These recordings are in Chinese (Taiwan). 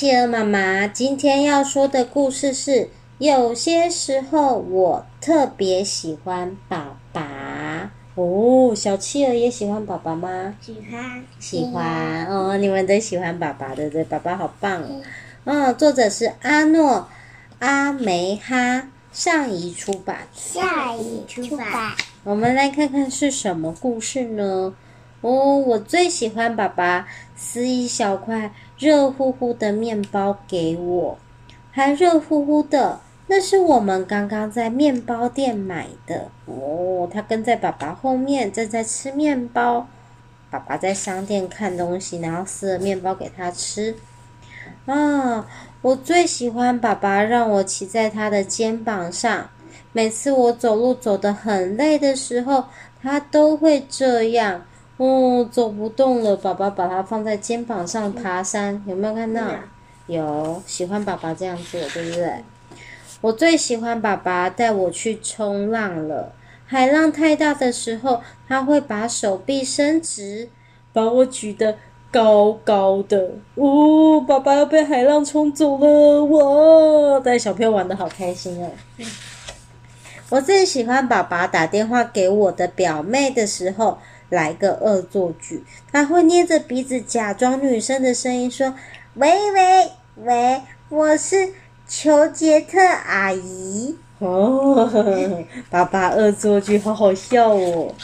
企鵝媽媽今天要說的故事是：有些時候，我特別喜歡爸爸哦。小企鵝也喜歡爸爸嗎？喜歡，喜歡、嗯、哦。你們都喜歡爸爸，對不對？爸爸好棒哦。嗯哦，作者是阿諾阿梅哈，上誼出版，下一出版。出版，我們來看看是什麼故事呢？哦，我最喜歡爸爸撕一小塊。熱乎乎的麵包給我，還熱乎乎的，那是我們剛剛在麵包店買的。哦，他跟在爸爸後面正在吃麵包，爸爸在商店看東西，然後撕了麵包給他吃。啊，我最喜歡爸爸讓我騎在他的肩膀上，每次我走路走得很累的時候，他都會這樣。哦、嗯，走不動了，爸爸把他放在肩膀上爬山，嗯、有沒有看到？嗯啊、有，喜歡爸爸這樣做，對不對？我最喜歡爸爸帶我去衝浪了。海浪太大的時候，他會把手臂伸直，把我舉得高高的。哦，爸爸要被海浪沖走了！哇，帶小朋友玩得好開心哦、啊！嗯、我最喜歡爸爸打電話給我的表妹的時候。來個惡作劇，他會捏着鼻子，假裝女生的聲音說：“喂喂喂，我是裘杰特阿姨哦。”哦，爸爸惡作劇，好好笑哦！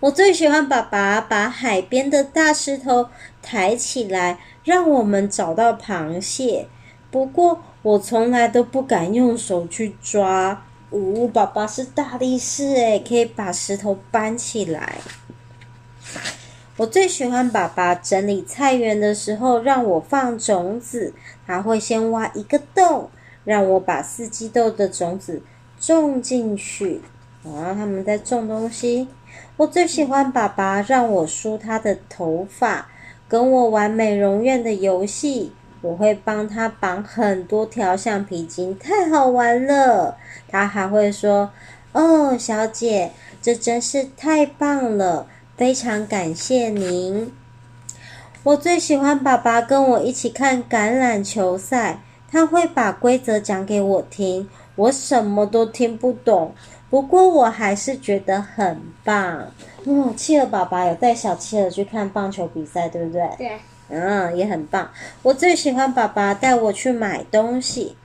我最喜歡爸爸把海邊的大石頭抬起來，讓我們找到螃蟹。不過我從來都不敢用手去抓。嗚、哦，爸爸是大力士誒，可以把石頭搬起來。我最喜歡爸爸整理菜園的時候，讓我放種子，他會先挖一個洞，讓我把四季豆的種子種進去，然後他們再種東西。我最喜歡爸爸讓我梳他的頭髮，跟我玩美容院的遊戲。我會幫他綁很多條橡皮筋，太好玩了。他還會說：“哦，小姐，這真是太棒了，非常感謝您。”我最喜歡爸爸跟我一起看橄欖球賽，他會把規則講給我聽，我什麼都聽不懂，不過我還是覺得很棒。嗯，企鵝爸爸有帶小企鵝去看棒球比賽，對不對？對。嗯，也很棒。我最喜歡爸爸帶我去買東西，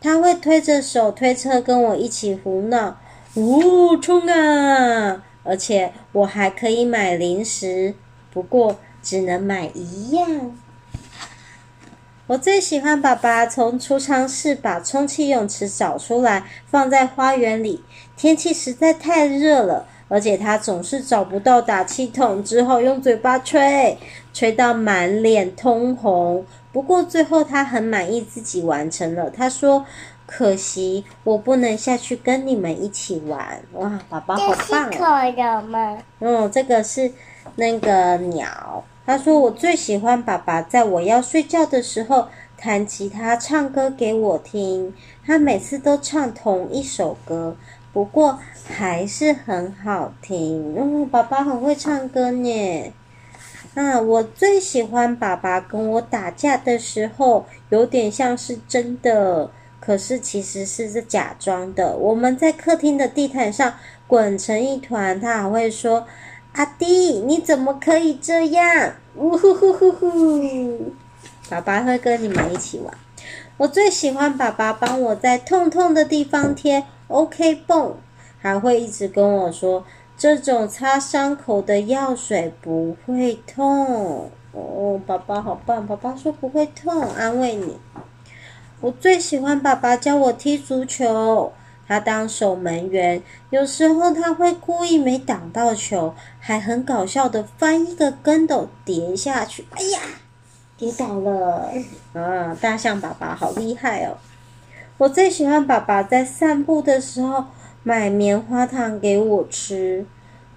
他會推着手推車跟我一起胡鬧，嗚、哦、衝啊！而且我還可以買零食，不過只能買一樣。我最喜歡爸爸從儲藏室把充氣泳池找出來，放在花園裡。天氣實在太熱了。而且他總是找不到打氣筒，之後用嘴巴吹，吹到滿臉通紅。不過最後他很滿意自己完成了。他說：“可惜我不能下去跟你們一起玩。”哇，寶寶好棒，喔！這是恐龍嗎？嗯，這個是那個鳥。他說：“我最喜歡爸爸在我要睡覺的時候彈吉他，唱歌給我聽。他每次都唱同一首歌。”不過還是很好聽，嗯，爸爸很會唱歌呢。嗯、啊，我最喜歡爸爸跟我打架的時候，有點像是真的，可是其實是假裝的。我們在客廳的地毯上滾成一團，他還會說：“阿弟，你怎麼可以這樣？”嗚呼呼呼呼，爸爸會跟你們一起玩。我最喜歡爸爸幫我在痛痛的地方貼。OK 蹦、bon.，還會一直跟我說，這種擦傷口的藥水不會痛哦，爸爸好棒！爸爸說不會痛，安慰你。我最喜歡爸爸教我踢足球，他當守門員，有時候他會故意沒擋到球，還很搞笑的翻一個跟斗跌下去，哎呀，跌倒了！啊，大象爸爸好厲害哦。我最喜歡爸爸在散步的時候買棉花糖給我吃。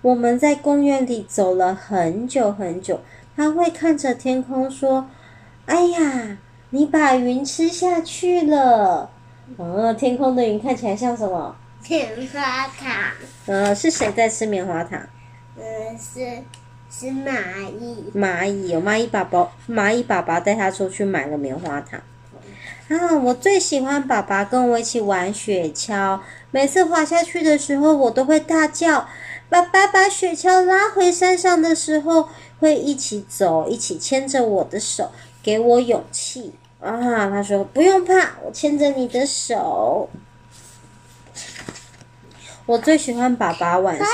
我們在公園裡走了很久很久，他會看着天空說：“哎呀，你把雲吃下去了。”哦，天空的雲看起來像什麼？棉花糖。嗯，是誰在吃棉花糖？嗯，是是螞蟻。螞蟻螞蟻寶寶，螞蟻爸爸帶他出去買了棉花糖。啊，我最喜歡爸爸跟我一起玩雪橇，每次滑下去的時候，我都會大叫。爸爸把雪橇拉回山上的時候，會一起走，一起牽着我的手，給我勇氣。啊，他說，不用怕，我牽着你的手。我最喜歡爸爸晚上。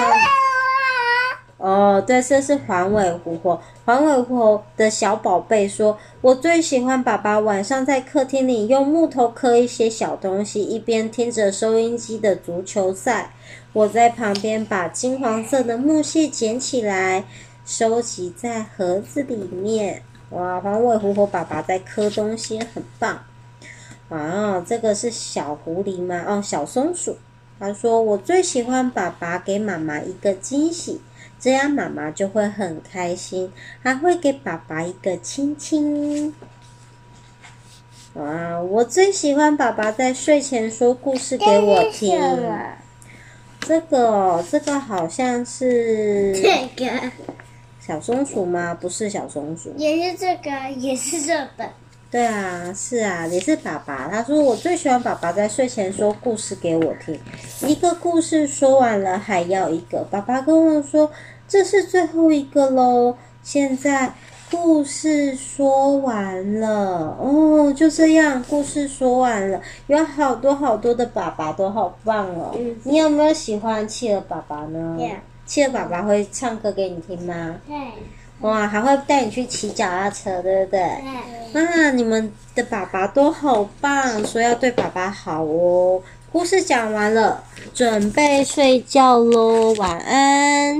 哦，對，這是環尾狐猴。環尾狐猴的小寶貝說：“我最喜歡爸爸晚上在客廳裡用木頭刻一些小東西，一邊聽着收音機的足球賽。我在旁邊把金黃色的木屑撿起來，收集在盒子裡面。哇，環尾狐猴爸爸在刻東西，很棒。哦，這個是小狐狸嗎？哦，小松鼠。他說：“我最喜歡爸爸給媽媽一個驚喜。”這樣媽媽就會很開心，還會給爸爸一個親親。哇，我最喜歡爸爸在睡前說故事給我聽。這個喔，這個好像是這個小松鼠嗎？不是小松鼠，也是這個，也是這本。對啊，是啊，你是爸爸。他說我最喜歡爸爸在睡前說故事給我聽，一個故事說完了還要一個。爸爸跟我說這是最後一個嘍，現在故事說完了哦，就這樣，故事說完了，有好多好多的爸爸都好棒哦。你有沒有喜歡企鵝爸爸呢？Yeah. 企鵝爸爸會唱歌給你聽嗎？對。Yeah. 哇，還會帶你去騎腳踏車，對不對？那、啊、你們的爸爸都好棒，所以要對爸爸好哦。故事講完了，準備睡覺嘍，晚安。